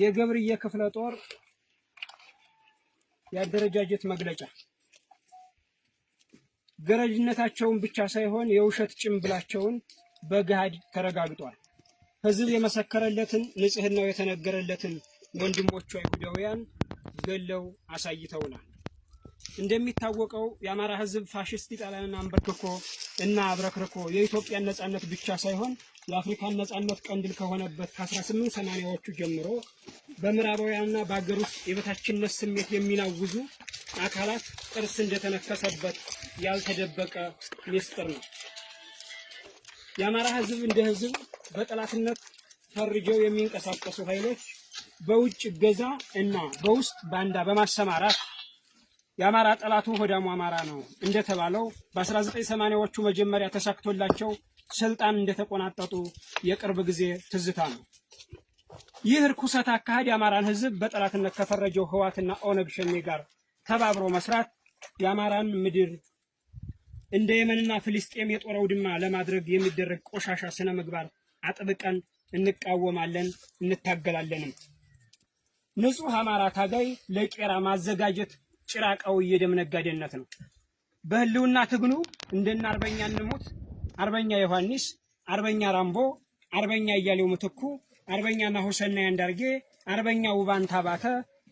የገብርዬ ክፍለ ጦር የአደረጃጀት መግለጫ ገረጅነታቸውን ብቻ ሳይሆን የውሸት ጭምብላቸውን በገሃድ ተረጋግጧል። ሕዝብ የመሰከረለትን ንጽህናው የተነገረለትን ወንድሞቿ አይሁዳውያን ገለው አሳይተውናል። እንደሚታወቀው የአማራ ህዝብ ፋሽስት ጣሊያንን አንበርክኮ እና አብረክርኮ የኢትዮጵያን ነጻነት ብቻ ሳይሆን የአፍሪካን ነጻነት ቀንድል ከሆነበት ከ1880ዎቹ ጀምሮ በምዕራባውያንና በአገር ውስጥ የበታችነት ስሜት የሚናውዙ አካላት ጥርስ እንደተነከሰበት ያልተደበቀ ሚስጥር ነው። የአማራ ህዝብ እንደ ሕዝብ በጠላትነት ፈርጀው የሚንቀሳቀሱ ኃይሎች በውጭ እገዛ እና በውስጥ ባንዳ በማሰማራት የአማራ ጠላቱ ሆዳሙ አማራ ነው እንደተባለው በ1980ዎቹ መጀመሪያ ተሳክቶላቸው ስልጣን እንደተቆናጠጡ የቅርብ ጊዜ ትዝታ ነው። ይህ ርኩሰት አካሄድ የአማራን ህዝብ በጠላትነት ከፈረጀው ህዋትና ኦነግ ሸኔ ጋር ተባብሮ መስራት የአማራን ምድር እንደ የመንና ፍልስጤም የጦር ውድማ ለማድረግ የሚደረግ ቆሻሻ ስነ ምግባር አጥብቀን እንቃወማለን፣ እንታገላለንም። ንጹህ አማራ ታጋይ ለቄራ ማዘጋጀት ጭራቃው የደም ነጋዴነት ነው። በህልውና ትግሉ እንደና አርበኛ ንሙት አርበኛ ዮሐንስ፣ አርበኛ ራምቦ፣ አርበኛ እያሌው ምትኩ፣ አርበኛ ናሁሰና ያንዳርጌ፣ አርበኛ ውባንታ ባተ፣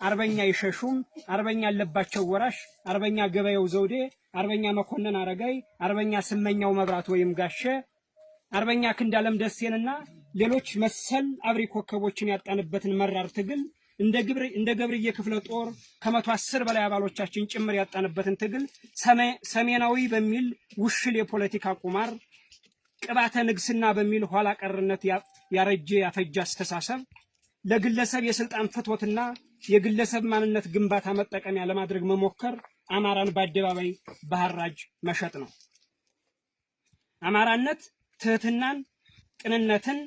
አርበኛ ይሸሹም፣ አርበኛ አለባቸው ወራሽ፣ አርበኛ ገበየው ዘውዴ፣ አርበኛ መኮንን አረጋይ፣ አርበኛ ስመኛው መብራት ወይም ጋሸ፣ አርበኛ ክንዳለም ደሴንና ሌሎች መሰል አብሪ ኮከቦችን ያጣንበትን መራር ትግል እንደ ገብርዬ ክፍለ ጦር ከመቶ አስር በላይ አባሎቻችን ጭምር ያጣንበትን ትግል ሰሜናዊ በሚል ውሽል የፖለቲካ ቁማር ቅባተ ንግስና በሚል ኋላ ቀርነት ያረጀ ያፈጀ አስተሳሰብ ለግለሰብ የስልጣን ፍትወትና የግለሰብ ማንነት ግንባታ መጠቀሚያ ለማድረግ መሞከር አማራን በአደባባይ ባህራጅ መሸጥ ነው። አማራነት ትህትናን ቅንነትን፣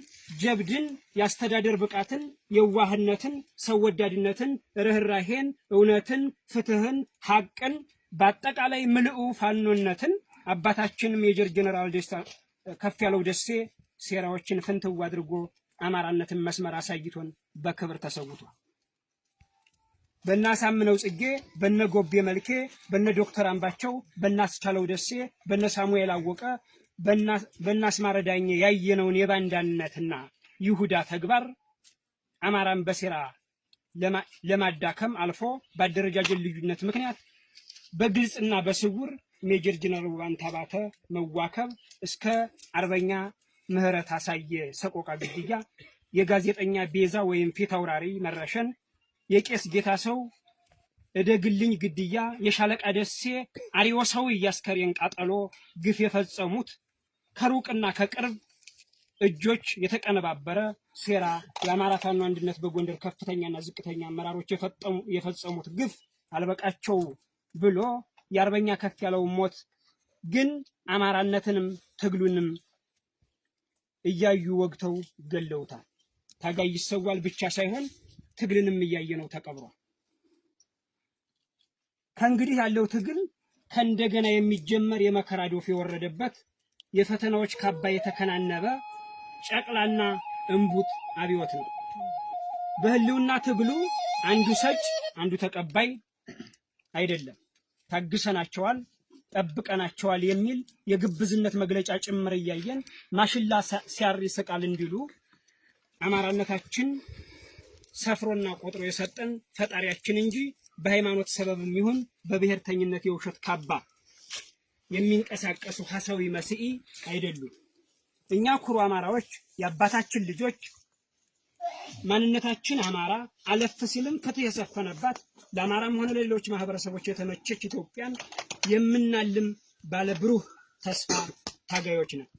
ጀብድን፣ የአስተዳደር ብቃትን፣ የዋህነትን፣ ሰው ወዳድነትን፣ ርኅራሄን፣ እውነትን፣ ፍትህን፣ ሐቅን በአጠቃላይ ምልኡ ፋኖነትን አባታችንም የጀር ጀነራል ደስታ ከፍ ያለው ደሴ ሴራዎችን ፍንትው አድርጎ አማራነትን መስመር አሳይቶን በክብር ተሰውቷል። በእናሳምነው ጽጌ፣ በነ ጎቤ መልኬ፣ በነ ዶክተር አምባቸው፣ በእናስቻለው ደሴ፣ በነ ሳሙኤል አወቀ በአስማረ ማረዳኝ ያየነውን የባንዳነትና ይሁዳ ተግባር አማራን በሴራ ለማዳከም አልፎ በአደረጃጀት ልዩነት ምክንያት በግልጽና በስውር ሜጀር ጀነራል ውባንታ ባተ መዋከብ እስከ አርበኛ ምህረት አሳየ ሰቆቃ ግድያ የጋዜጠኛ ቤዛ ወይም ፊት አውራሪ መረሸን የቄስ ጌታ ሰው እደግልኝ ግድያ የሻለቃ ደሴ አሪዮሳዊ እያስከሬን ቃጠሎ ግፍ የፈጸሙት ከሩቅና ከቅርብ እጆች የተቀነባበረ ሴራ የአማራ ፋኖ አንድነት በጎንደር ከፍተኛና ዝቅተኛ አመራሮች የፈጸሙት ግፍ አልበቃቸው ብሎ የአርበኛ ከፍ ያለው ሞት ግን አማራነትንም ትግሉንም እያዩ ወግተው ገለውታል። ታጋይ ይሰዋል ብቻ ሳይሆን ትግልንም እያየ ነው ተቀብሯል። ከእንግዲህ ያለው ትግል ከእንደገና የሚጀመር የመከራ ዶፍ የወረደበት የፈተናዎች ካባ የተከናነበ ጨቅላና እንቡጥ አብዮት ነው። በህልውና ትግሉ አንዱ ሰጭ አንዱ ተቀባይ አይደለም። ታግሰናቸዋል፣ ጠብቀናቸዋል የሚል የግብዝነት መግለጫ ጭምር እያየን ማሽላ ሲያር ይስቃል እንዲሉ አማራነታችን ሰፍሮና ቆጥሮ የሰጠን ፈጣሪያችን እንጂ በሃይማኖት ሰበብም ይሁን በብሔርተኝነት የውሸት ካባ የሚንቀሳቀሱ ሀሰዊ መስኢ አይደሉም። እኛ ኩሩ አማራዎች የአባታችን ልጆች ማንነታችን አማራ አለፍ ሲልም ፍትህ የሰፈነባት ለአማራም ሆነ ለሌሎች ማህበረሰቦች የተመቸች ኢትዮጵያን የምናልም ባለ ብሩህ ተስፋ ታጋዮች ነን።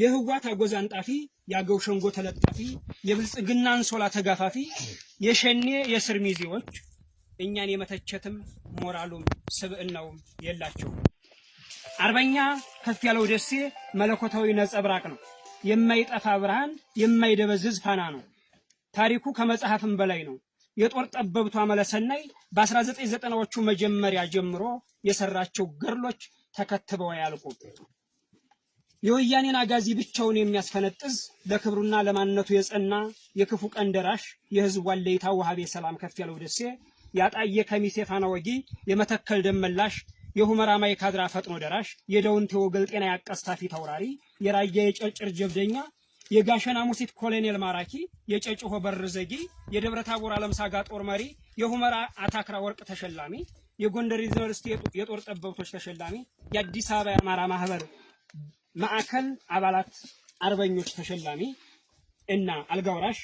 የህዋት አጎዛንጣፊ የአገው ሸንጎ ተለጣፊ፣ የብልጽግና አንሶላ ተጋፋፊ፣ የሸኔ የስር ሚዜዎች እኛን የመተቸትም ሞራሉም ስብዕናውም የላቸውም። አርበኛ ከፍ ያለው ደሴ መለኮታዊ ነጸብራቅ ነው። የማይጠፋ ብርሃን፣ የማይደበዝዝ ፋና ነው። ታሪኩ ከመጽሐፍም በላይ ነው። የጦር ጠበብቷ መለሰናይ በ1990ዎቹ መጀመሪያ ጀምሮ የሰራቸው ገድሎች ተከትበው አያልቁ። የወያኔን አጋዚ ብቻውን የሚያስፈነጥዝ ለክብሩና ለማንነቱ የጸና የክፉ ቀን ደራሽ የህዝቡ ዋለይታ ዋሃቤ ሰላም ከፍ ያለው ደሴ ያጣየ ከሚሴ ፋና ወጊ የመተከል ደመላሽ የሁመራ ማይካድራ ፈጥኖ ደራሽ የደውንቴ ወገል ጤና ያቀስታፊ ተውራሪ የራያ የጨርጭር ጀብደኛ የጋሸና ሙሲት ኮሎኔል ማራኪ የጨጭሆ በር ዘጊ የደብረ ታቦር አለምሳጋ ጦር መሪ የሁመራ አታክራ ወርቅ ተሸላሚ የጎንደር ዩኒቨርሲቲ የጦር ጠበብቶች ተሸላሚ የአዲስ አበባ የአማራ ማህበር ማዕከል አባላት አርበኞች ተሸላሚ እና አልጋውራሽ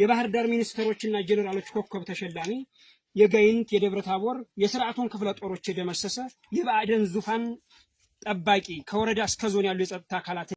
የባህር ዳር ሚኒስትሮችና ጄኔራሎች ኮከብ ተሸላሚ የጋይንት የደብረ ታቦር የስርዓቱን ክፍለ ጦሮች የደመሰሰ የብአዴን ዙፋን ጠባቂ ከወረዳ እስከ ዞን ያሉ የጸጥታ አካላት